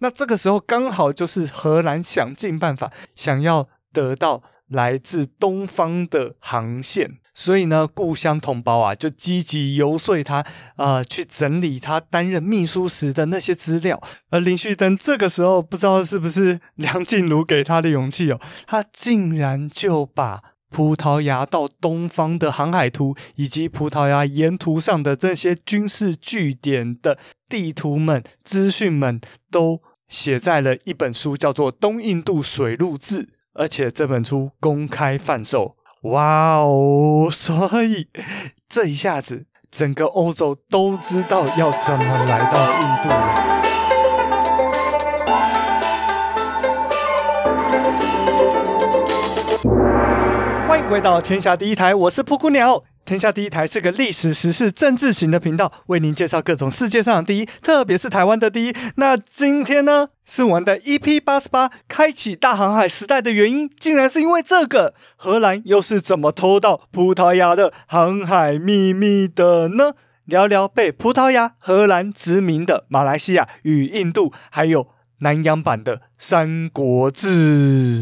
那這個時候剛好就是荷蘭想盡辦法想要得到來自東方的航線，所以呢，故鄉同胞啊就積極游說他啊、呃，去整理他擔任秘書時的那些資料。而林旭登這個時候不知道是不是梁靜茹給他的勇氣哦，他竟然就把葡萄牙到東方的航海圖以及葡萄牙沿途上的這些軍事據點的地圖們、資訊們都，寫在了一本書，叫做《東印度水路志》，而且這本書公開販售。哇哦！所以這一下子，整個歐洲都知道要怎麼來到印度了。歡迎回到天下第一台，我是噗咕鳥。天下第一台是個歷史時事政治型的頻道，為您介紹各種世界上的第一，特別是台灣的第一。那今天呢，是我們的 EP 八十八，開啟大航海時代的原因，竟然是因為這個。荷蘭又是怎麼偷到葡萄牙的航海秘密的呢？聊聊被葡萄牙、荷蘭殖民的馬來西亞與印度，還有南洋版的三國志。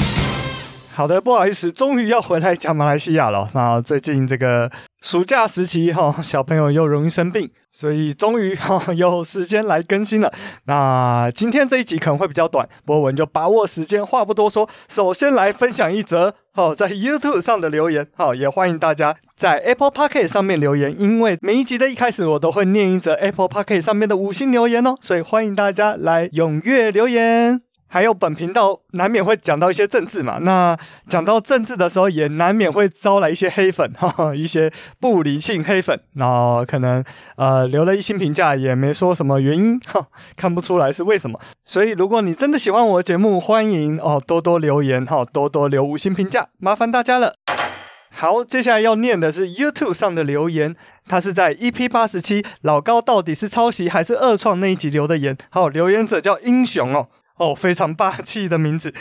好的，不好意思，終於要回來講馬來西亞了。那最近這個。暑假時期，小朋友又容易生病，所以終於有時間來更新了。那今天這一集可能會比較短，不過我們就把握時間，話不多說。首先來分享一則在 YouTube 上的留言，也歡迎大家在 Apple Podcast 上面留言，因為每一集的一開始我都會念一則 Apple Podcast 上面的五星留言哦，所以歡迎大家來踴躍留言。還有本頻道難免會講到一些政治嘛，那講到政治的時候也難免會招來一些黑粉哈，一些不理性黑粉，然、哦、後可能呃留了一星評價，也沒說什麼原因哈，看不出來是為什麼。所以如果你真的喜歡我的節目，歡迎哦多多留言哈、哦，多多留五星評價，麻煩大家了。好，接下來要念的是 YouTube 上的留言，它是在 EP 八十七老高到底是抄襲還是二創那一集留的言，好、哦，留言者叫英雄哦。哦，非常霸氣的名字。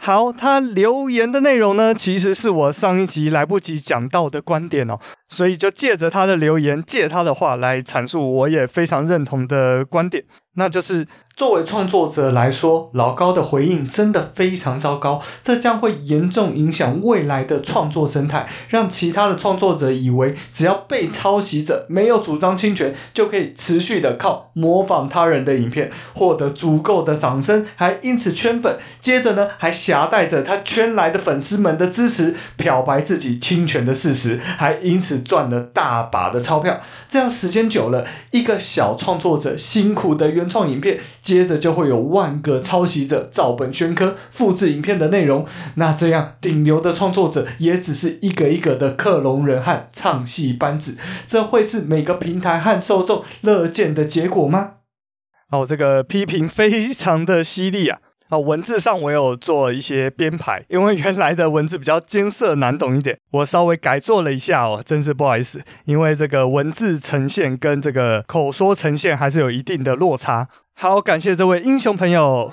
好，他留言的內容呢，其實是我上一集來不及講到的觀點哦，所以就借着他的留言，借他的話來闡述我也非常認同的觀點，那就是作為創作者來說，老高的回應真的非常糟糕，這將會嚴重影響未來的創作生態，讓其他的創作者以為只要被抄襲者沒有主張侵權，就可以持續的靠模仿他人的影片獲得足夠的掌聲，還因此圈粉，接着呢還。夾帶着他圈來的粉絲們的支持，漂白自己侵權的事實，還因此賺了大把的鈔票。這樣時間久了，一個小創作者辛苦的原創影片，接着就會有萬個抄襲者照本宣科複製影片的內容。那這樣，頂流的創作者也只是一個一個的克隆人和唱戲班子。這會是每個平台和受眾樂見的結果嗎？哦，這個批評非常的犀利啊。啊，文字上我有做一些編排，因為原來的文字比較艱澀難懂一點，我稍微改做了一下哦，真是不好意思，因為這個文字呈現跟這個口說呈現還是有一定的落差。好，感謝這位英雄朋友。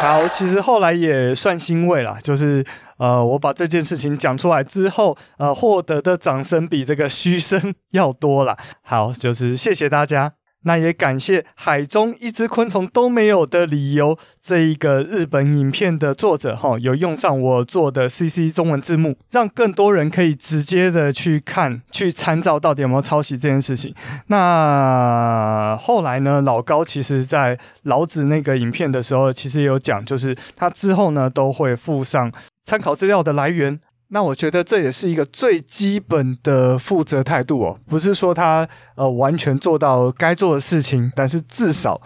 好，其實後來也算欣慰啦，就是呃，我把這件事情講出來之後，呃，獲得的掌聲比這個噓聲要多了。好，就是謝謝大家。那也感謝《海中一隻昆蟲都沒有的理由》這一個日本影片的作者哈，有用上我做的 CC 中文字幕，讓更多人可以直接的去看，去參照到底有沒有抄襲這件事情。那後來呢，老高其實在老子那個影片的時候，其實有講，就是他之後呢都會附上參考資料的來源。那我覺得這也是一個最基本的負責態度哦，不是說他呃完全做到該做的事情，但是至少，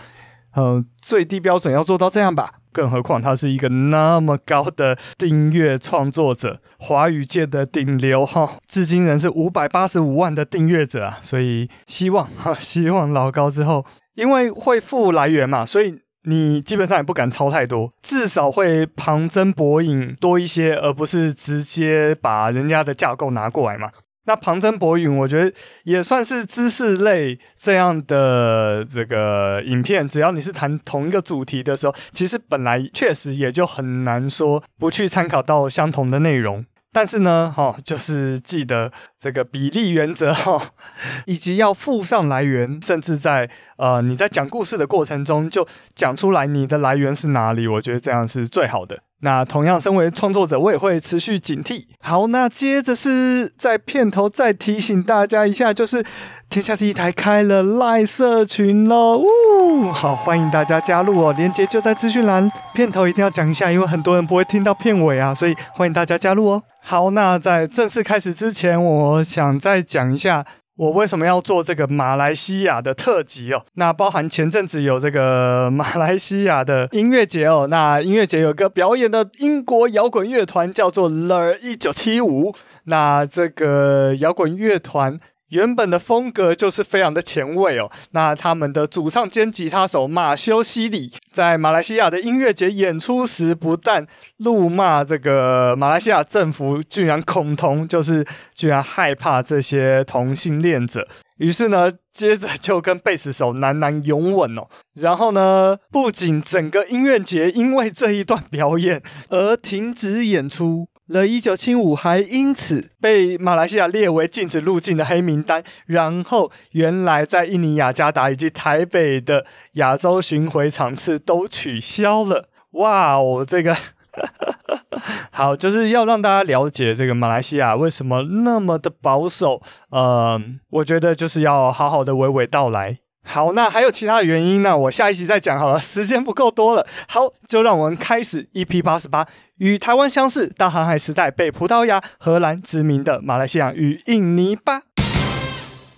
呃最低標準要做到這樣吧。更何況他是一個那麼高的訂閱創作者，華語界的頂流哈、哦，至今仍是五百八十五萬的訂閱者啊，所以希望哈，希望老高之後，因為會附來源嘛，所以。你基本上也不敢抄太多，至少會旁徵博引多一些，而不是直接把人家的架構拿過來嘛。那旁徵博引，我覺得也算是知識類這樣的這個影片，只要你是談同一個主題的時候，其實本來確實也就很難說不去參考到相同的內容。但是呢，哈、哦，就是記得這個比例原則哈、哦，以及要附上來源，甚至在呃你在講故事的過程中就講出來你的來源是哪裡，我覺得這樣是最好的。那同樣，身為創作者，我也會持續警惕。好，那接着是在片頭再提醒大家一下，就是天下第一台開了賴社群嘍，嗚，好，歡迎大家加入哦，連結就在資訊欄。片頭一定要講一下，因為很多人不會聽到片尾啊，所以歡迎大家加入哦。好，那在正式開始之前，我想再講一下。我為什麼要做這個馬來西亞的特輯哦？那包含前陣子有這個馬來西亞的音樂節哦，那音樂節有個表演的英國搖滾樂團叫做 The 1975，那這個搖滾樂團。原本的風格就是非常的前衛哦。那他們的主唱兼吉他手馬修西里在馬來西亞的音樂節演出時，不但怒罵這個馬來西亞政府居然恐同，就是居然害怕這些同性戀者。於是呢，接着就跟貝斯手喃喃擁吻哦。然後呢，不僅整個音樂節因為這一段表演而停止演出。The 1975還因此被馬來西亞列為禁止入境的黑名單，然後原來在印尼雅加達以及台北的亞洲巡回場次都取消了。哇，哦，這個 好，就是要讓大家了解這個馬來西亞為什麼那麼的保守。嗯、呃，我覺得就是要好好的娓娓道來。好，那還有其他的原因呢？那我下一集再講好了，時間不夠多了。好，就讓我們開始，EP88 與台灣相似，大航海時代被葡萄牙、荷蘭殖民的馬來西亞與印尼吧。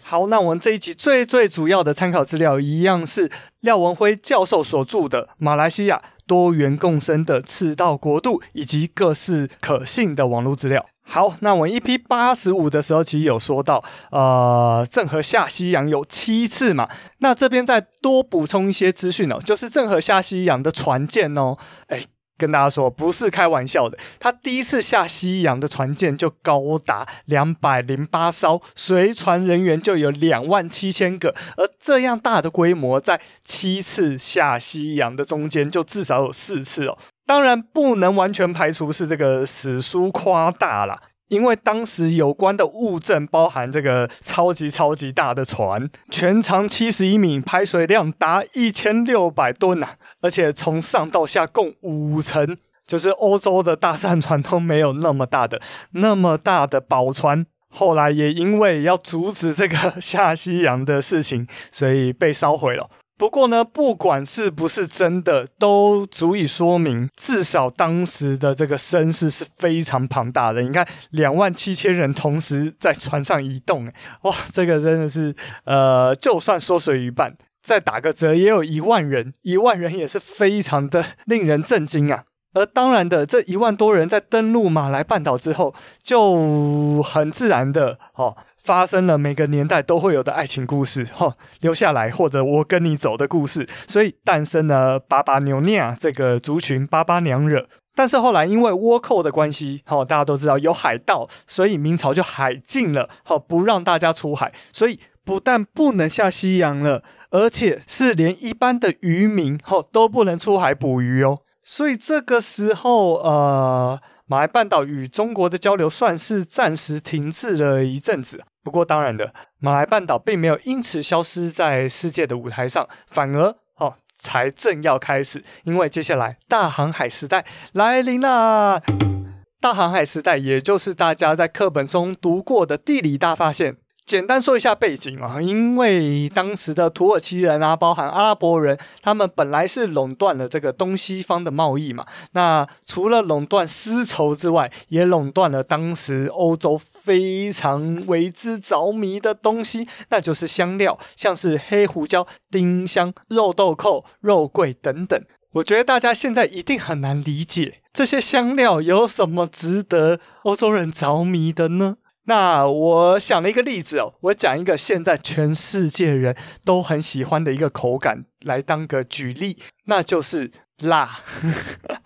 好，那我們這一集最最主要的參考資料一樣是廖文輝教授所著的《馬來西亞多元共生的赤道國度》，以及各式可信的網絡資料。好，那我一批八十五的時候其實有說到，呃，鄭和下西洋有七次嘛。那這邊再多補充一些資訊哦，就是鄭和下西洋的船艦哦，哎、欸，跟大家說不是開玩笑的，他第一次下西洋的船艦就高達兩百零八艘，隨船人員就有兩萬七千個，而這樣大的規模，在七次下西洋的中間就至少有四次哦。當然不能完全排除是這個史書誇大了，因為當時有關的物證包含這個超級超級大的船，全長七十一米，排水量達一千六百噸呐、啊，而且從上到下共五層，就是歐洲的大戰船都沒有那麼大的，那麼大的寶船。後來也因為要阻止這個下西洋的事情，所以被燒毀了。不過呢，不管是不是真的，都足以說明，至少當時的這個聲勢是非常龐大的。你看，兩萬七千人同時在船上移動，哇，這個真的是，呃，就算縮水一半，再打個折，也有一萬人。一萬人也是非常的令人震驚啊。而當然的，這一萬多人在登陸馬來半島之後，就很自然的，哦發生了每個年代都會有的愛情故事，哈、哦，留下來或者我跟你走的故事，所以誕生了峇峇娘惹這個族群峇峇娘惹。但是後來因為倭寇的關係，哈、哦，大家都知道有海盜，所以明朝就海禁了，哈、哦，不讓大家出海，所以不但不能下西洋了，而且是連一般的漁民，哈、哦，都不能出海捕魚哦。所以這個時候，呃，馬來半島與中國的交流算是暫時停滯了一陣子。不過當然了，馬來半島並沒有因此消失在世界的舞台上，反而哦，才正要開始，因為接下來大航海時代來臨啦！大航海時代也就是大家在課本中讀過的地理大發現。簡單說一下背景啊，因為當時的土耳其人啊，包含阿拉伯人，他們本來是壟斷了這個東西方的貿易嘛。那除了壟斷絲綢之外，也壟斷了當時歐洲。非常為之着迷的東西，那就是香料，像是黑胡椒、丁香、肉豆蔻、肉桂等等。我覺得大家現在一定很難理解，這些香料有什麼值得歐洲人着迷的呢？那我想了一個例子哦，我講一個現在全世界人都很喜歡的一個口感，來當個舉例。那就是辣，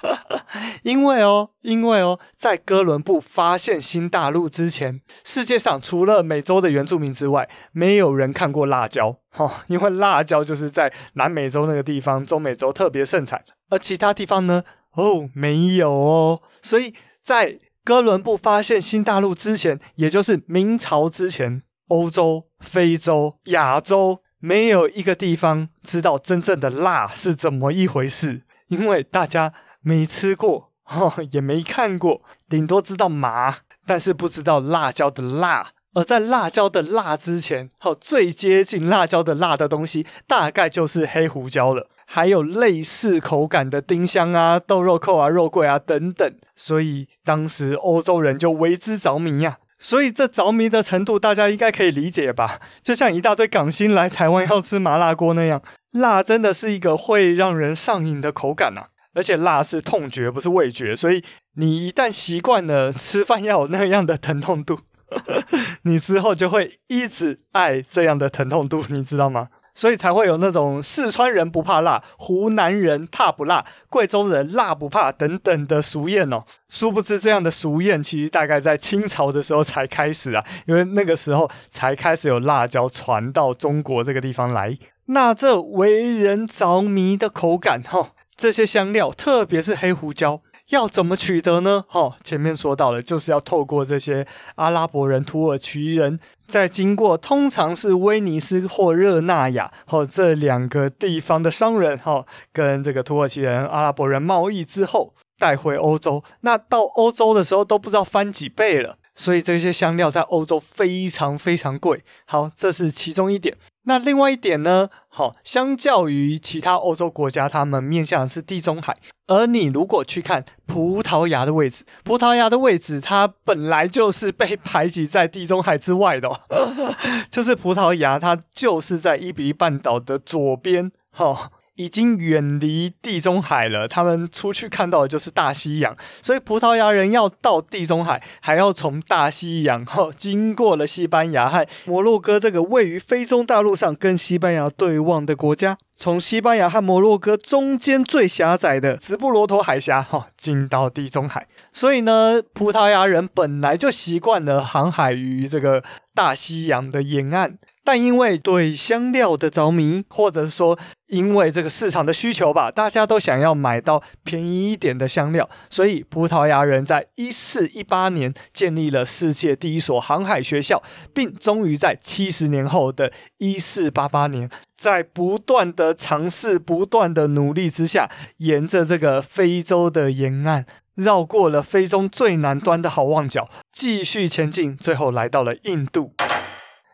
因為哦，因為哦，在哥倫布發現新大陸之前，世界上除了美洲的原住民之外，沒有人看過辣椒。哈、哦，因為辣椒就是在南美洲那個地方、中美洲特別盛產，而其他地方呢，哦，沒有哦。所以在哥倫布發現新大陸之前，也就是明朝之前，歐洲、非洲、亞洲，沒有一個地方知道真正的辣是怎麼一回事，因為大家沒吃過，呵呵，也沒看過，頂多知道麻，但是不知道辣椒的辣。而在辣椒的辣之前，哈，最接近辣椒的辣的東西，大概就是黑胡椒了，還有類似口感的丁香啊、豆肉扣啊、肉桂啊等等。所以當時歐洲人就為之着迷呀、啊。所以這着迷的程度，大家應該可以理解吧？就像一大堆港星來台灣要吃麻辣鍋那樣，辣真的是一個會讓人上癮的口感吶、啊。而且辣是痛覺，不是味覺，所以你一旦習慣了吃飯要有那樣的疼痛度，呵呵，你之後就會一直愛這樣的疼痛度，你知道嗎？所以才會有那種四川人不怕辣，湖南人怕不辣，貴州人辣不怕等等的俗諺哦。殊不知這樣的俗諺其實大概在清朝的時候才開始啊，因為那個時候才開始有辣椒傳到中國這個地方來。那這為人着迷的口感哦，這些香料，特別是黑胡椒。要怎麼取得呢？哈，前面說到了，就是要透過這些阿拉伯人、土耳其人，在經過通常是威尼斯或熱那亞哈這兩個地方的商人哈，跟這個土耳其人、阿拉伯人貿易之後，帶回歐洲。那到歐洲的時候都不知道翻幾倍了，所以這些香料在歐洲非常非常貴。好，這是其中一點。那另外一點呢？好，相較於其他歐洲國家，他們面向的是地中海。而你如果去看葡萄牙的位置，葡萄牙的位置它本來就是被排擠在地中海之外的哦， 就是葡萄牙它就是在伊比利半島的左邊，哈。已經遠離地中海了，他們出去看到的就是大西洋，所以葡萄牙人要到地中海，還要從大西洋哈，哦，經過了西班牙和摩洛哥這個位於非洲大陸上跟西班牙對望的國家，從西班牙和摩洛哥中間最狹窄的直布羅陀海峽哈，哦，進到地中海，所以呢，葡萄牙人本來就習慣了航海於這個大西洋的沿岸。但因為對香料的着迷，或者是說因為這個市場的需求吧，大家都想要買到便宜一點的香料，所以葡萄牙人在一四一八年建立了世界第一所航海學校，並終於在七十年後的一四八八年，在不斷的嘗試、不斷的努力之下，沿着這個非洲的沿岸，繞過了非洲最南端的好望角，繼續前進，最後來到了印度。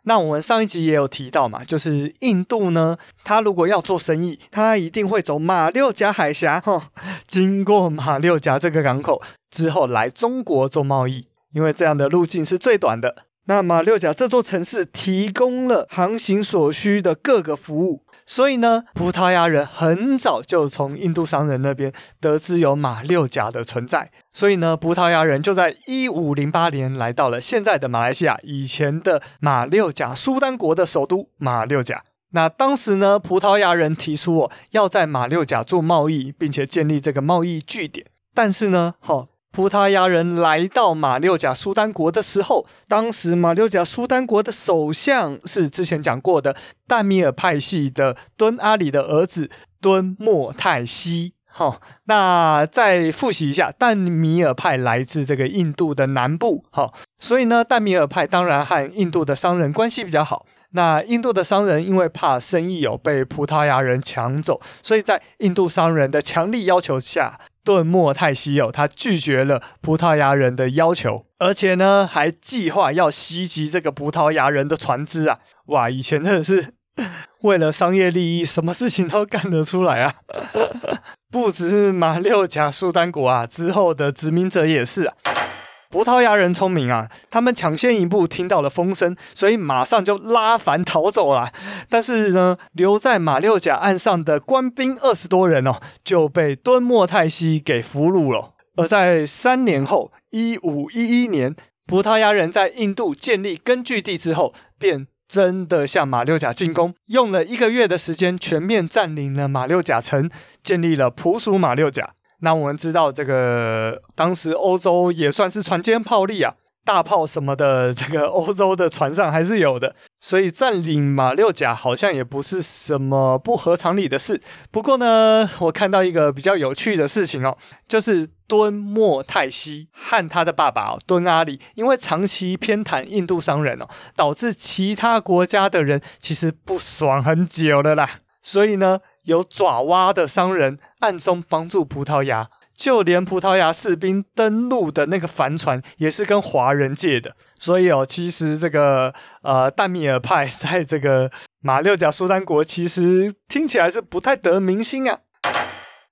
那我們上一集也有提到嘛，就是印度呢，他如果要做生意，他一定會走馬六甲海峽，哈、哦，經過馬六甲這個港口之後來中國做貿易，因為這樣的路徑是最短的。那馬六甲這座城市提供了航行所需的各個服務。所以呢，葡萄牙人很早就從印度商人那邊得知有馬六甲的存在。所以呢，葡萄牙人就在一五零八年來到了現在的馬來西亞以前的馬六甲蘇丹國的首都馬六甲。那當時呢，葡萄牙人提出哦，要在馬六甲做貿易，並且建立這個貿易據點。但是呢，齁，葡萄牙人來到馬六甲蘇丹國的時候，當時馬六甲蘇丹國的首相是之前講過的淡米爾派系的敦阿里的兒子敦墨泰希。哈、哦，那再複習一下，淡米爾派來自這個印度的南部。哈、哦，所以呢，淡米爾派當然和印度的商人關係比較好。那印度的商人因為怕生意有、哦、被葡萄牙人搶走，所以在印度商人的強力要求下，敦墨泰希有，他拒絕了葡萄牙人的要求，而且呢，還計劃要襲擊這個葡萄牙人的船只啊！哇，以前真的是為了商業利益，什麼事情都幹得出來啊！不只是馬六甲蘇丹國啊，之後的殖民者也是啊。葡萄牙人聰明啊，他們搶先一步聽到了風聲，所以馬上就拉帆逃走了。但是呢，留在馬六甲岸上的官兵二十多人哦，就被敦墨泰希給俘虜了。而在三年後，一五一一年，葡萄牙人在印度建立根據地之後，便真的向馬六甲進攻，用了一個月的時間全面占領了馬六甲城，建立了葡屬馬六甲。那我們知道，這個當時歐洲也算是船堅炮利啊，大炮什麼的，這個歐洲的船上還是有的，所以占領馬六甲好像也不是什麼不合常理的事。不過呢，我看到一個比較有趣的事情哦，就是敦墨泰希和他的爸爸哦，敦阿里，因為長期偏袒印度商人哦，導致其他國家的人其實不爽很久了啦，所以呢。有爪哇的商人暗中幫助葡萄牙，就連葡萄牙士兵登陸的那個帆船，也是跟華人借的。所以哦，其實這個呃，淡米爾派在這個馬六甲蘇丹國，其實聽起來是不太得民心啊。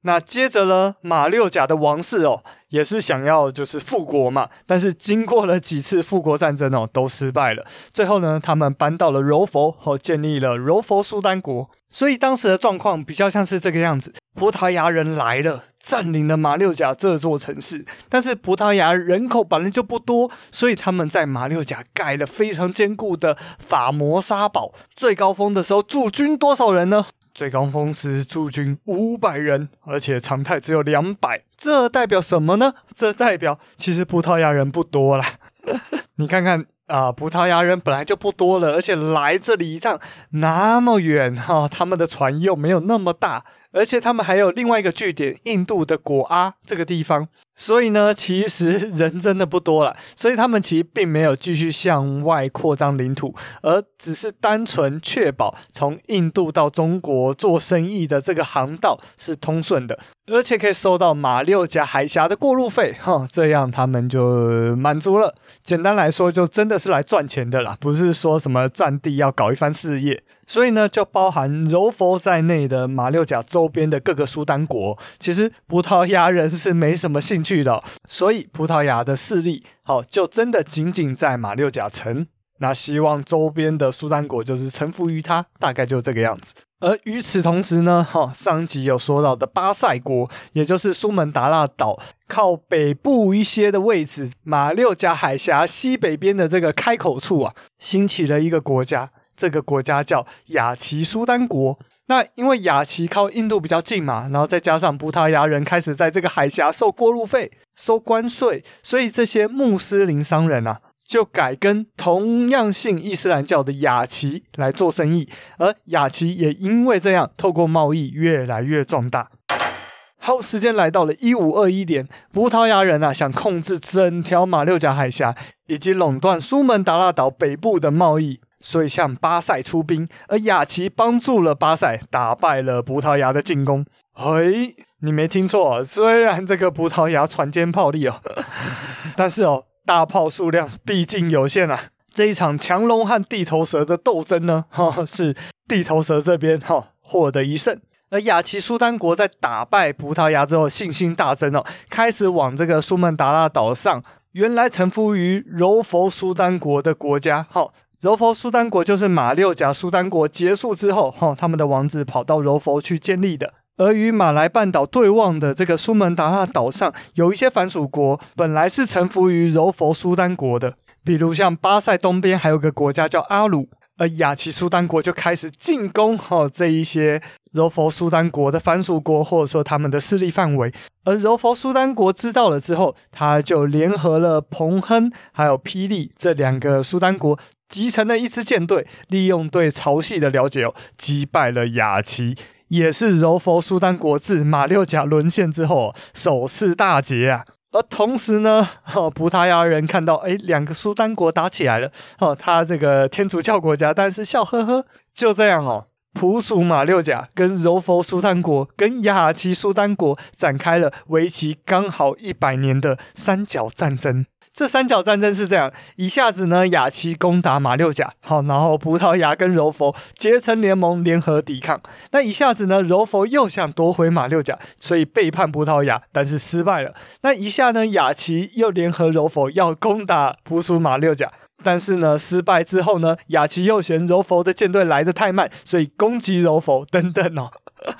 那接着呢，馬六甲的王室哦。也是想要就是復國嘛，但是經過了幾次復國戰爭哦，都失敗了。最後呢，他們搬到了柔佛，後、哦、建立了柔佛蘇丹國。所以當時的狀況比較像是這個樣子：葡萄牙人來了，佔領了馬六甲這座城市。但是葡萄牙人口本來就不多，所以他們在馬六甲蓋了非常堅固的法摩沙堡。最高峰的時候駐軍多少人呢？最高峰時駐軍五百人，而且常態只有兩百，這代表什麼呢？這代表其實葡萄牙人不多啦。 你看看啊，呃，葡萄牙人本來就不多了，而且來這裡一趟那麼遠哈，哦，他們的船又沒有那麼大，而且他們還有另外一個據點——印度的果阿這個地方。所以呢，其實人真的不多了，所以他們其實並沒有繼續向外擴張領土，而只是單純確保從印度到中國做生意的這個航道是通順的，而且可以收到馬六甲海峽的過路費，哈，這樣他們就滿足了。簡單來說，就真的是來賺錢的啦，不是說什麼佔地要搞一番事業。所以呢，就包含柔佛在內的馬六甲周邊的各個蘇丹國，其實葡萄牙人是沒什麼興趣的、哦。所以葡萄牙的勢力，好、哦，就真的僅僅在馬六甲城。那希望周邊的蘇丹國就是臣服於他，大概就這個樣子。而與此同時呢，哈、哦，上集有說到的巴塞國，也就是蘇門答臘島靠北部一些的位置，馬六甲海峽西北邊的這個開口處啊，興起了一個國家。這個國家叫亞齊蘇丹國。那因為亞齊靠印度比較近嘛，然後再加上葡萄牙人開始在這個海峽收過路費、收關稅，所以這些穆斯林商人啊，就改跟同樣信伊斯蘭教的亞齊來做生意。而亞齊也因為這樣，透過貿易越來越壯大。好，時間來到了一五二一年，葡萄牙人啊，想控制整條馬六甲海峽，以及壟斷蘇門答臘島北部的貿易。所以，向巴塞出兵，而亞齊幫助了巴塞，打敗了葡萄牙的進攻。哎，你沒聽錯，雖然這個葡萄牙船堅炮利哦，但是哦，大炮數量畢竟有限啊。這一場強龍和地頭蛇的鬥爭呢，哈、哦，是地頭蛇這邊哈、哦、獲得一勝。而亞齊蘇丹國在打敗葡萄牙之後，信心大增哦，開始往這個蘇門答臘島上原來臣服於柔佛蘇丹國的國家，好、哦。柔佛蘇丹國就是馬六甲蘇丹國結束之後，哈、哦，他們的王子跑到柔佛去建立的。而與馬來半島對望的這個蘇門答臘島上有一些藩屬國，本來是臣服於柔佛蘇丹國的，比如像巴塞東邊還有個國家叫阿魯，而亞齊蘇丹國就開始進攻哈、哦、這一些。柔佛蘇丹國的藩屬國，或者說他們的勢力範圍。而柔佛蘇丹國知道了之後，他就聯合了彭亨還有霹靂這兩個蘇丹國，集成了一支艦隊，利用對潮汐的了解、哦，擊敗了亞齊。也是柔佛蘇丹國自馬六甲淪陷之後、哦，首次大捷啊！而同時呢、哦，葡萄牙人看到哎，兩個蘇丹國打起來了哦，他這個天主教國家，但是笑呵呵，就這樣哦。葡屬馬六甲跟柔佛蘇丹國跟亞齊蘇丹國展開了為期剛好一百年的三角戰爭。這三角戰爭是這樣：一下子呢，亞齊攻打馬六甲，好，然後葡萄牙跟柔佛結成聯盟，聯合抵抗。那一下子呢，柔佛又想奪回馬六甲，所以背叛葡萄牙，但是失敗了。那一下呢，亞齊又聯合柔佛要攻打葡屬馬六甲。但是呢，失敗之後呢，亞齊又嫌柔佛的艦隊來的太慢，所以攻擊柔佛等等哦，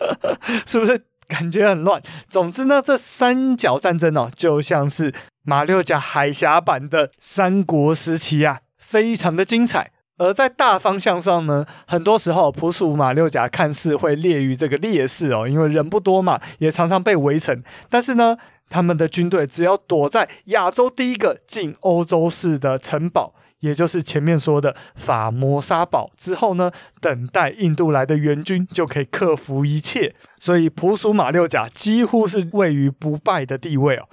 是不是感覺很亂？總之呢，這三角戰爭哦，就像是馬六甲海峽版的三國時期啊，非常的精彩。而在大方向上呢，很多時候，葡屬馬六甲看似會列於這個劣勢哦，因為人不多嘛，也常常被圍城。但是呢，他們的軍隊只要躲在亞洲第一個進歐洲式的城堡。也就是前面說的法摩沙堡之後呢，等待印度來的援軍就可以克服一切，所以葡屬馬六甲幾乎是位於不敗的地位哦。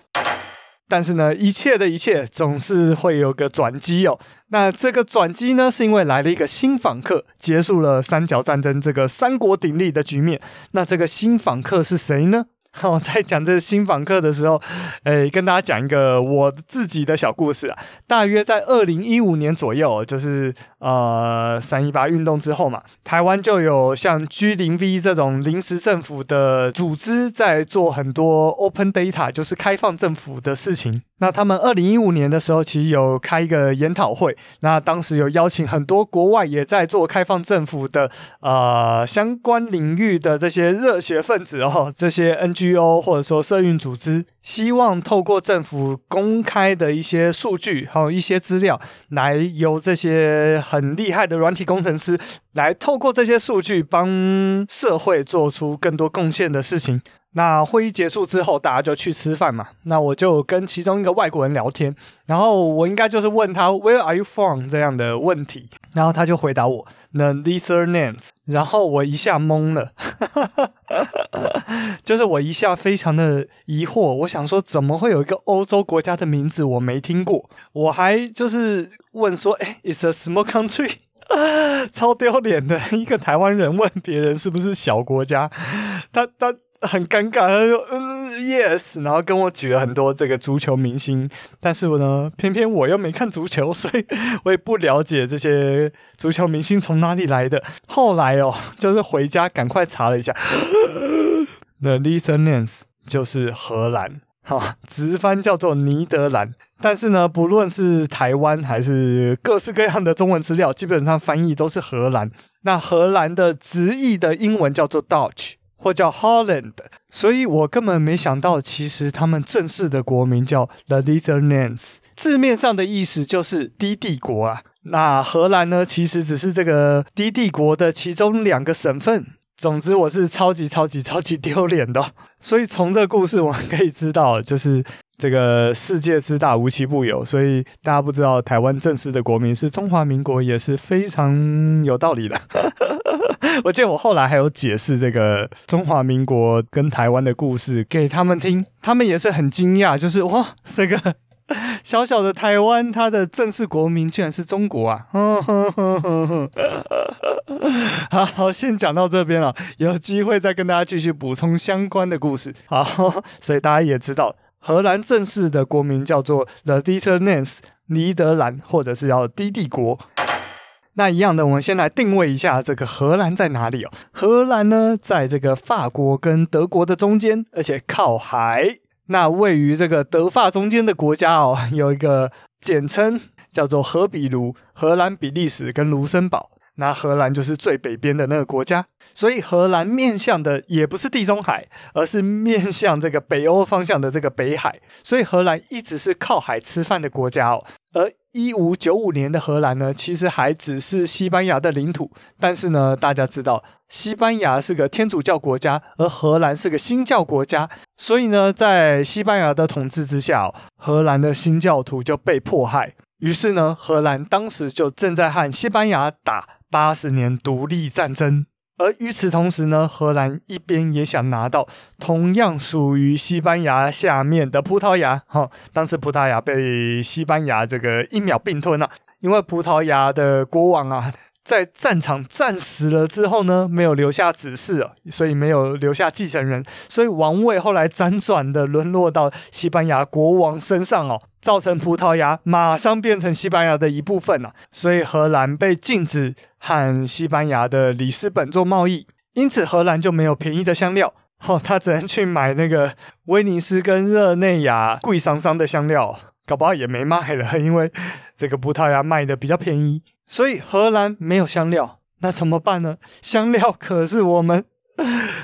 但是呢，一切的一切總是會有個轉機哦。那這個轉機呢，是因為來了一個新訪客，結束了三角戰爭這個三國鼎立的局面。那這個新訪客是誰呢？那我 在講這新訪客的時候，誒、欸，跟大家講一個我自己的小故事啊。大約在二零一五年左右，就是呃三一八運動之後嘛，台灣就有像 G 零 V 這種臨時政府的組織，在做很多 Open Data，就是開放政府的事情。那他們二零一五年的時候，其實有開一個研討會。那當時有邀請很多國外也在做開放政府的呃相關領域的這些熱血分子哦，這些 NGO 或者說社運組織，希望透過政府公開的一些數據，還、哦、有一些資料，來由這些很厲害的軟體工程師，來透過這些數據幫社會做出更多貢獻的事情。那會議結束之後，大家就去吃飯嘛。那我就跟其中一個外國人聊天，然後我應該就是問他 “Where are you from？” 這樣的問題，然後他就回答我 “The Netherlands” 然後我一下懵了， 就是我一下非常的疑惑，我想說怎麼會有一個歐洲國家的名字我沒聽過？我還就是問說：“哎，It's a small country。 ”超丟臉的一個台灣人問別人是不是小國家，他他。很尷尬，他說：“嗯，yes。”然後跟我舉了很多這個足球明星，但是我呢，偏偏我又沒看足球，所以我也不了解這些足球明星從哪裡來的。後來哦，就是回家趕快查了一下 ，The Netherlands 就是荷蘭，哈，直翻叫做尼德蘭。但是呢，不論是台灣還是各式各樣的中文資料，基本上翻譯都是荷蘭。那荷蘭的直譯的英文叫做 Dutch。或叫 Holland，所以我根本沒想到，其實他們正式的國名叫 The Netherlands，字面上的意思就是低帝國啊。那荷蘭呢，其實只是這個低帝國的其中兩個省份。總之，我是超級超級超級丟臉的。所以從這個故事，我們可以知道，就是。這個世界之大，無奇不有，所以大家不知道台灣正式的國名是中華民國也是非常有道理的。 我記得我後來還有解釋這個中華民國跟台灣的故事給他們聽，他們也是很驚訝，就是哇，這個小小的台灣，它的正式國名居然是中國啊 好！好，先講到這邊了，有機會再跟大家繼續補充相關的故事。好，所以大家也知道。荷蘭正式的國名叫做 The Netherlands 尼德蘭，或者是叫低地國。那一樣的，我們先來定位一下這個荷蘭在哪裡哦。荷蘭呢，在這個法國跟德國的中間，而且靠海。那位於這個德法中間的國家哦，有一個簡稱叫做荷比盧，荷蘭、比利時跟盧森堡。那荷蘭就是最北邊的那個國家，所以荷蘭面向的也不是地中海，而是面向這個北歐方向的這個北海。所以荷蘭一直是靠海吃飯的國家哦。而一五九五年的荷蘭呢，其實還只是西班牙的領土。但是呢，大家知道，西班牙是個天主教國家，而荷蘭是個新教國家。所以呢，在西班牙的統治之下哦，荷蘭的新教徒就被迫害。於是呢，荷蘭當時就正在和西班牙打。八十年獨立戰爭，而與此同時呢，荷蘭一邊也想拿到同樣屬於西班牙下面的葡萄牙。哈、哦，當時葡萄牙被西班牙這個一秒併吞了，因為葡萄牙的國王啊。在戰場戰死了之後呢，沒有留下指示哦，所以沒有留下繼承人，所以王位後來輾轉的淪落到西班牙國王身上哦，造成葡萄牙馬上變成西班牙的一部分了，啊。所以荷蘭被禁止和西班牙的里斯本做貿易，因此荷蘭就沒有便宜的香料，哦，他只能去買那個威尼斯跟熱內亞貴桑桑的香料，哦，搞不好也沒賣了，因為這個葡萄牙賣的比較便宜。所以荷蘭沒有香料，那怎麼辦呢？香料可是我們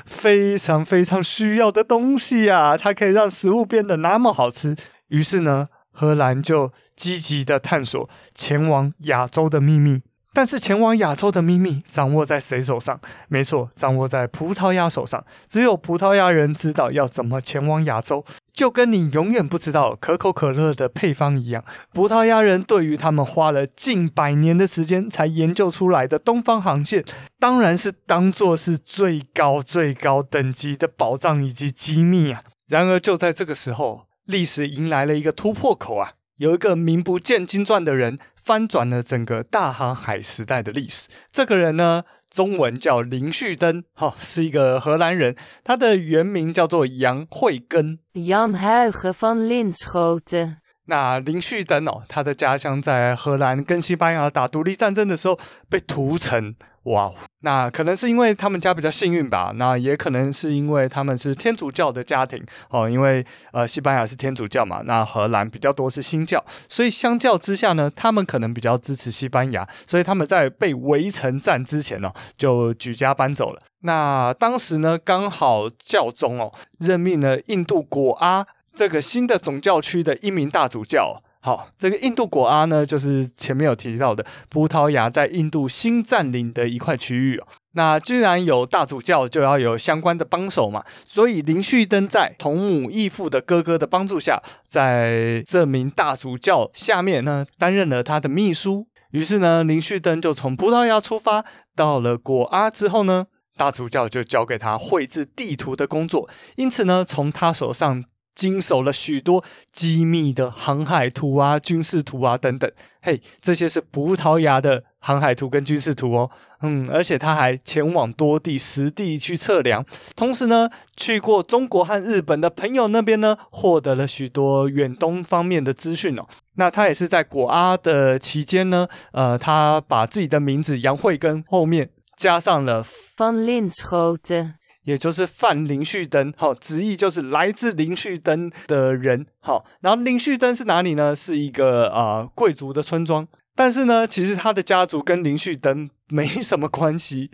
非常非常需要的東西呀，它可以讓食物變得那麼好吃。於是呢，荷蘭就積極地探索前往亞洲的秘密。但是前往亞洲的秘密掌握在誰手上？沒錯，掌握在葡萄牙手上。只有葡萄牙人知道要怎麼前往亞洲。就跟你永遠不知道可口可樂的配方一樣，葡萄牙人對於他們花了近百年的時間才研究出來的東方航線，當然是當作是最高最高等級的寶藏以及機密啊。然而就在這個時候，歷史迎來了一個突破口啊！有一個名不見經傳的人翻轉了整個大航海時代的歷史。這個人呢？中文叫林旭登，哈、哦，是一個荷蘭人，他的原名叫做楊慧根。Jan Huyghen van Linschoten。那林旭登哦，他的家鄉在荷蘭，跟西班牙打獨立戰爭的時候被屠城。哇，那可能是因為他們家比較幸運吧？那也可能是因為他們是天主教的家庭哦，因為呃，西班牙是天主教嘛，那荷蘭比較多是新教，所以相較之下呢，他們可能比較支持西班牙，所以他們在被圍城戰之前哦，就舉家搬走了。那當時呢，剛好教宗哦任命了印度果阿。這個新的總教區的一名大主教，好，這個印度果阿呢，就是前面有提到的葡萄牙在印度新佔領的一塊區域哦。那既然有大主教，就要有相關的幫手嘛，所以林旭登在同母異父的哥哥的幫助下，在這名大主教下面呢，擔任了他的秘書。於是呢，林旭登就從葡萄牙出發，到了果阿之後呢，大主教就交給他繪製地圖的工作。因此呢，從他手上。經手了許多機密的航海圖啊、軍事圖啊等等，嘿、hey，這些是葡萄牙的航海圖跟軍事圖哦。嗯，而且他還前往多地實地去測量，同時呢，去過中國和日本的朋友那邊呢，獲得了許多遠東方面的資訊哦。那他也是在果阿的期間呢，呃，他把自己的名字楊惠根後面加上了 Van Linschoten。也就是范林旭登，好，直譯就是來自林旭登的人，好，然後林旭登是哪裡呢？是一個啊貴族的村莊。但是呢，其實他的家族跟林旭登沒什麼關係，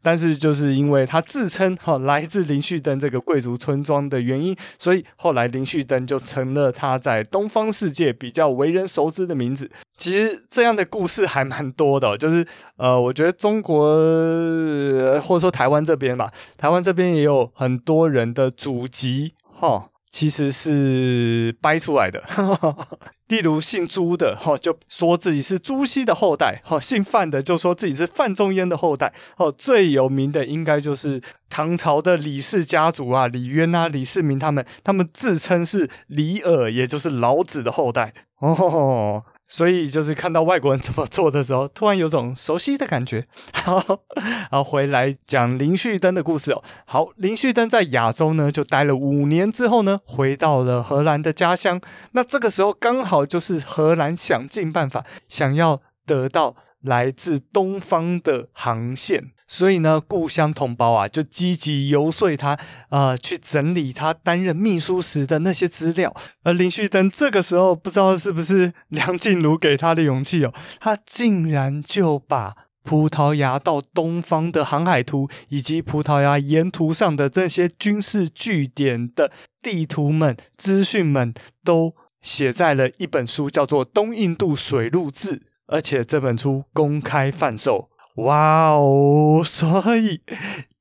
但是就是因為他自稱哈、哦、來自林旭登這個貴族村莊的原因，所以後來林旭登就成了他在東方世界比較為人熟知的名字。其實這樣的故事還蠻多的，哦，就是呃，我覺得中國或者說台灣這邊吧，台灣這邊也有很多人的祖籍哈。哦其實是掰出來的，呵呵呵，例如姓朱的哈、哦、就說自己是朱熹的後代，哈、哦、姓范的就說自己是范仲淹的後代、哦，最有名的應該就是唐朝的李氏家族啊，李淵啊、李世民他們，他們自稱是李耳，也就是老子的後代，哦呵呵。所以就是看到外國人怎麼做的時候，突然有種熟悉的感覺。然後回來講林旭登的故事哦。好，林旭登在亞洲呢就待了五年之後呢，回到了荷蘭的家鄉。那這個時候剛好就是荷蘭想盡辦法想要得到來自東方的航線。所以呢，故鄉同胞啊，就積極遊說他，呃，去整理他擔任秘書時的那些資料。而林旭登這個時候不知道是不是梁靜茹給他的勇氣哦，他竟然就把葡萄牙到東方的航海圖，以及葡萄牙沿途上的這些軍事據點的地圖們、資訊們都寫在了一本書，叫做《東印度水路志》，而且這本書公開販售。哇哦！Wow, 所以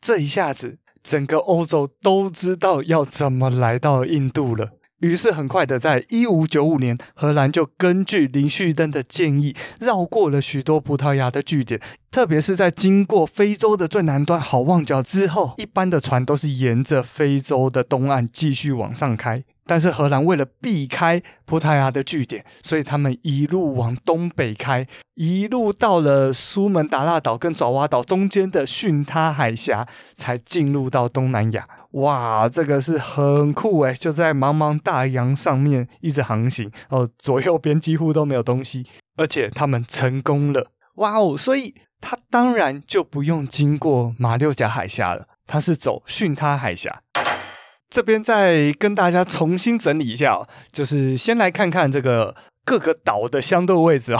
這一下子，整個歐洲都知道要怎麼來到印度了。於是很快的，在一五九五年，荷蘭就根據林旭登的建議，繞過了許多葡萄牙的據點，特別是在經過非洲的最南端好望角之後，一般的船都是沿着非洲的東岸繼續往上開。但是荷蘭為了避開葡萄牙的據點，所以他們一路往東北開，一路到了蘇門答臘島跟爪哇島中間的巽他海峽，才進入到東南亞。哇，這個是很酷誒，就在茫茫大洋上面一直航行，哦，左右邊幾乎都沒有東西，而且他們成功了。哇哦，所以他當然就不用經過馬六甲海峽了，他是走巽他海峽。這邊再跟大家重新整理一下，就是先來看看這個各個島的相對位置哦。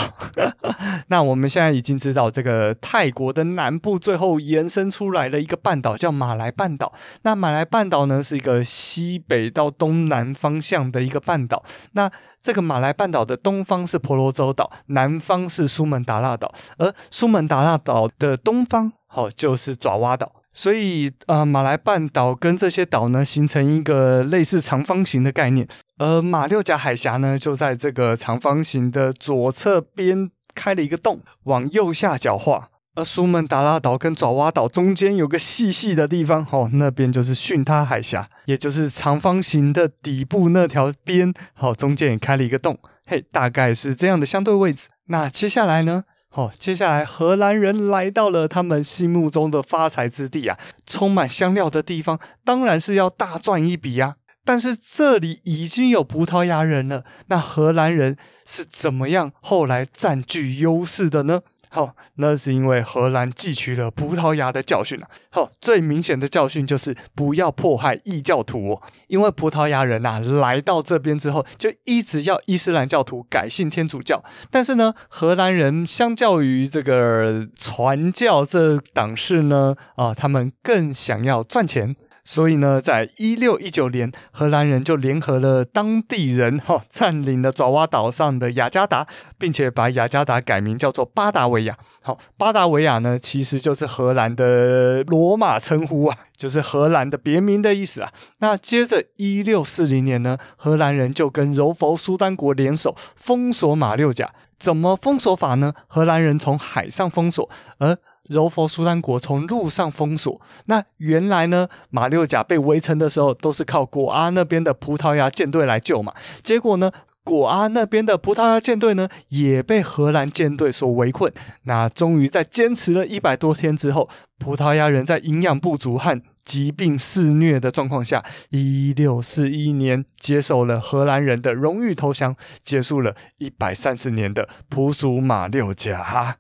那我們現在已經知道，這個泰國的南部最後延伸出來了一個半島，叫馬來半島。那馬來半島呢，是一個西北到東南方向的一個半島。那這個馬來半島的東方是婆羅洲島，南方是蘇門答臘島，而蘇門答臘島的東方，好，就是爪哇島。所以，呃，馬來半島跟這些島呢，形成一個類似長方形的概念。而馬六甲海峽呢，就在這個長方形的左側邊開了一個洞，往右下角畫。而蘇門答臘島跟爪哇島中間有個細細的地方，哦，那邊就是巽他海峽，也就是長方形的底部那條邊，好、哦，中間也開了一個洞，嘿，大概是這樣的相對位置。那接下來呢？哦，接下來荷蘭人來到了他們心目中的發財之地啊，充滿香料的地方，當然是要大賺一筆呀。但是這裡已經有葡萄牙人了，那荷蘭人是怎麼樣後來佔據優勢的呢？好、哦，那是因為荷蘭汲取了葡萄牙的教訓了、啊。好、哦，最明顯的教訓就是不要迫害異教徒、哦，因為葡萄牙人吶、啊、來到這邊之後，就一直要伊斯蘭教徒改信天主教。但是呢，荷蘭人相較於這個傳教這檔事呢，啊，他們更想要賺錢。所以呢，在一六一九年，荷蘭人就聯合了當地人，哈、哦，佔領了爪哇島上的雅加達，並且把雅加達改名叫做巴達維亞。好、哦，巴達維亞呢，其實就是荷蘭的羅馬稱呼啊，就是荷蘭的別名的意思啊。那接着，一六四零年呢，荷蘭人就跟柔佛蘇丹國聯手封鎖馬六甲。怎麼封鎖法呢？荷蘭人從海上封鎖，而柔佛蘇丹國從陸上封鎖。那原來呢，馬六甲被圍城的時候，都是靠果阿那邊的葡萄牙艦隊來救嘛。結果呢，果阿那邊的葡萄牙艦隊呢，也被荷蘭艦隊所圍困。那終於在堅持了一百多天之後，葡萄牙人在營養不足和疾病肆虐的狀況下，一六四一年接受了荷蘭人的榮譽投降，結束了一百三十年的葡屬馬六甲。哈！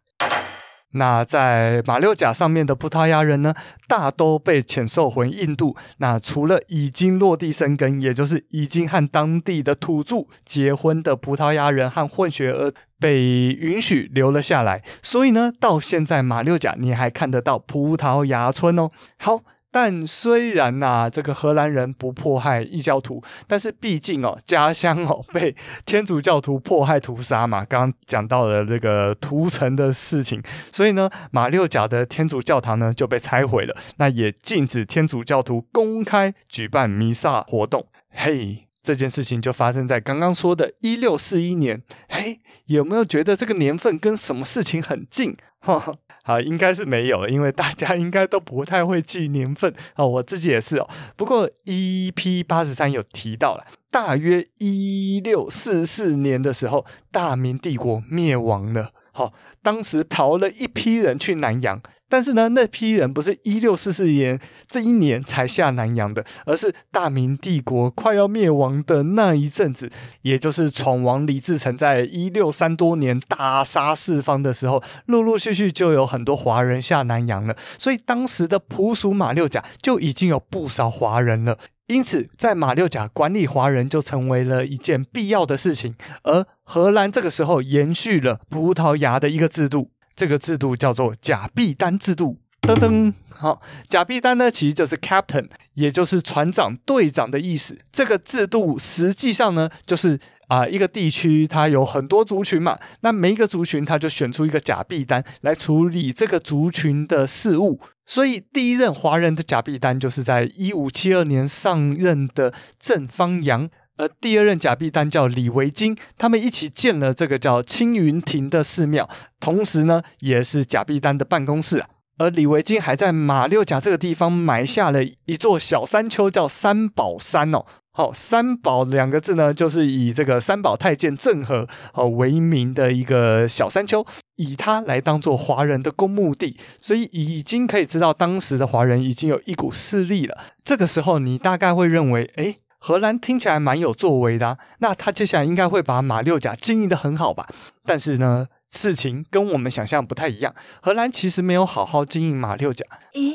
那在馬六甲上面的葡萄牙人呢，大都被遣送回印度。那除了已經落地生根，也就是已經和當地的土著結婚的葡萄牙人和混血兒，被允許留了下來。所以呢，到現在馬六甲你還看得到葡萄牙村哦。好。但雖然吶，這個荷蘭人不迫害異教徒，但是畢竟哦，家鄉哦被天主教徒迫害屠殺嘛，剛剛講到了這個屠城的事情，所以呢，馬六甲的天主教堂呢就被拆毀了，那也禁止天主教徒公開舉辦彌撒活動。嘿，這件事情就發生在剛剛說的1641年。嘿，有沒有覺得這個年份跟什麼事情很近？哈哈。好，應該是沒有，因為大家應該都不太會記年份哦。我自己也是哦。不過 EP 八十三，有提到了，大約一六四四年的時候，大明帝國滅亡了。好，哦，當時逃了一批人去南洋。但是呢，那批人不是一六四四年這一年才下南洋的，而是大明帝國快要滅亡的那一陣子，也就是闖王李自成在一六三多年大殺四方的時候，陸陸續續就有很多華人下南洋了。所以當時的葡屬馬六甲就已經有不少華人了，因此在馬六甲管理華人就成為了一件必要的事情。而荷蘭這個時候延續了葡萄牙的一個制度。這個制度叫做甲必丹制度。噔噔，好，甲必丹呢，其實就是 captain，也就是船長、隊長的意思。這個制度實際上呢，就是啊、呃，一個地區它有很多族群嘛，那每一個族群它就選出一個甲必丹來處理這個族群的事務。所以第一任華人的甲必丹就是在一五七二年上任的鄭芳揚。而第二任甲必丹叫李為經，他們一起建了這個叫青雲亭的寺廟，同時呢，也是甲必丹的辦公室啊。而李為經還在馬六甲這個地方埋下了一座小山丘，叫三寶山哦。好、哦，三寶兩個字呢，就是以這個三寶太監鄭和哦為名的一個小山丘，以他來當做華人的公墓地，所以已經可以知道當時的華人已經有一股勢力了。這個時候，你大概會認為，哎、欸。荷蘭聽起來蠻有作為的、啊，那他接下來應該會把馬六甲經營得很好吧？但是呢，事情跟我們想象不太一樣。荷蘭其實沒有好好經營馬六甲，誒，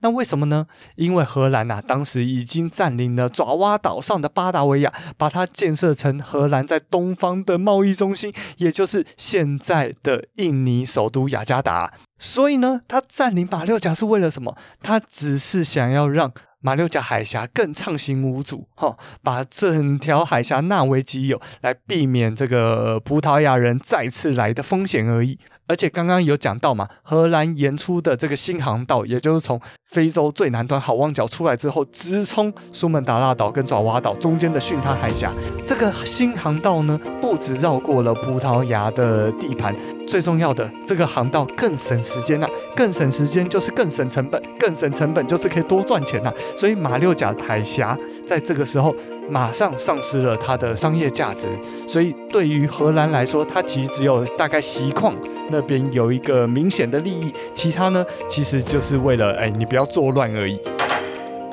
那為什麼呢？因為荷蘭吶、啊，當時已經佔領了爪哇島上的巴達維亞，把它建設成荷蘭在東方的貿易中心，也就是現在的印尼首都雅加達。所以呢，他佔領馬六甲是為了什麼？他只是想要讓，馬六甲海峽更暢行無阻，哦，把整條海峽納為己有，來避免這個葡萄牙人再次來的風險而已。而且剛剛有講到嘛，荷蘭研出的這個新航道，也就是從。非洲最南端好望角出來之後，直衝蘇門答臘島跟爪哇島中間的巽他海峽。這個新航道呢，不止繞過了葡萄牙的地盤，最重要的，這個航道更省時間啊，更省時間就是更省成本，更省成本就是可以多賺錢啊。所以馬六甲海峽在這個時候。馬上喪失了它的商業價值，所以對於荷蘭來說，它其實只有大概錫礦那邊有一個明顯的利益，其他呢，其實就是為了哎，你不要作亂而已。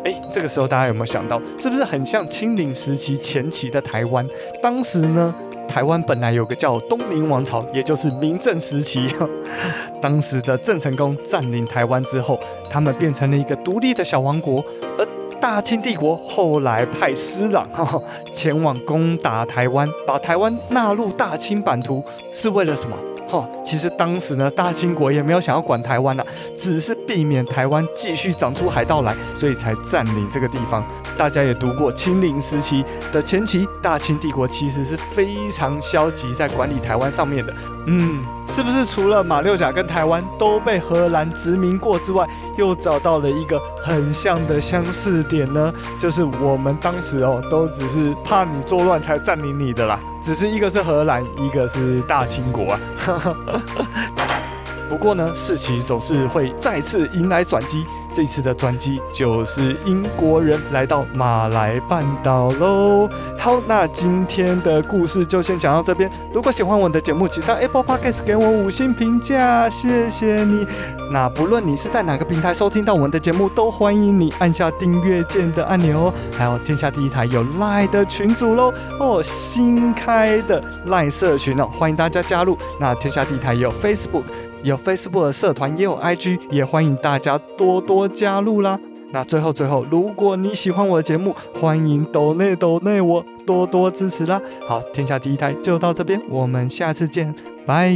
哎，這個時候大家有沒有想到，是不是很像清領時期前期的台灣？當時呢，台灣本來有個叫東寧王朝，也就是明鄭時期，呵呵，當時的鄭成功佔領台灣之後，他們變成了一個獨立的小王國，而。大清帝國後來派施琅前往攻打台灣，把台灣納入大清版圖，是為了什麼？哦，其實當時呢，大清國也沒有想要管台灣了啊，只是避免台灣繼續長出海盜來，所以才佔領這個地方。大家也讀過，清領時期的前期，大清帝國其實是非常消極在管理台灣上面的。嗯，是不是除了馬六甲跟台灣都被荷蘭殖民過之外，又找到了一個很像的相似點呢？就是我們當時哦，都只是怕你作亂才佔領你的啦，只是一個是荷蘭，一個是大清國啊。 不過呢，事情總是會再次迎來轉機。這次的轉機就是英國人來到馬來半島嘍。好，那今天的故事就先講到這邊。如果喜歡我的節目，請上 Apple Podcast 給我五星評價，謝謝你。那不論你是在哪個平台收聽到我們的節目，都歡迎你按下訂閱鍵的按鈕哦。還有天下第一台有 LINE 的群組嘍，哦，新開的 LINE 社群哦，歡迎大家加入。那天下第一台也有 Facebook。有 Facebook 的社團，也有 IG，也歡迎大家多多加入啦。那最後最後，如果你喜歡我的節目，歡迎抖內抖內我多多支持啦。好，天下第一台就到這邊，我們下次見，拜。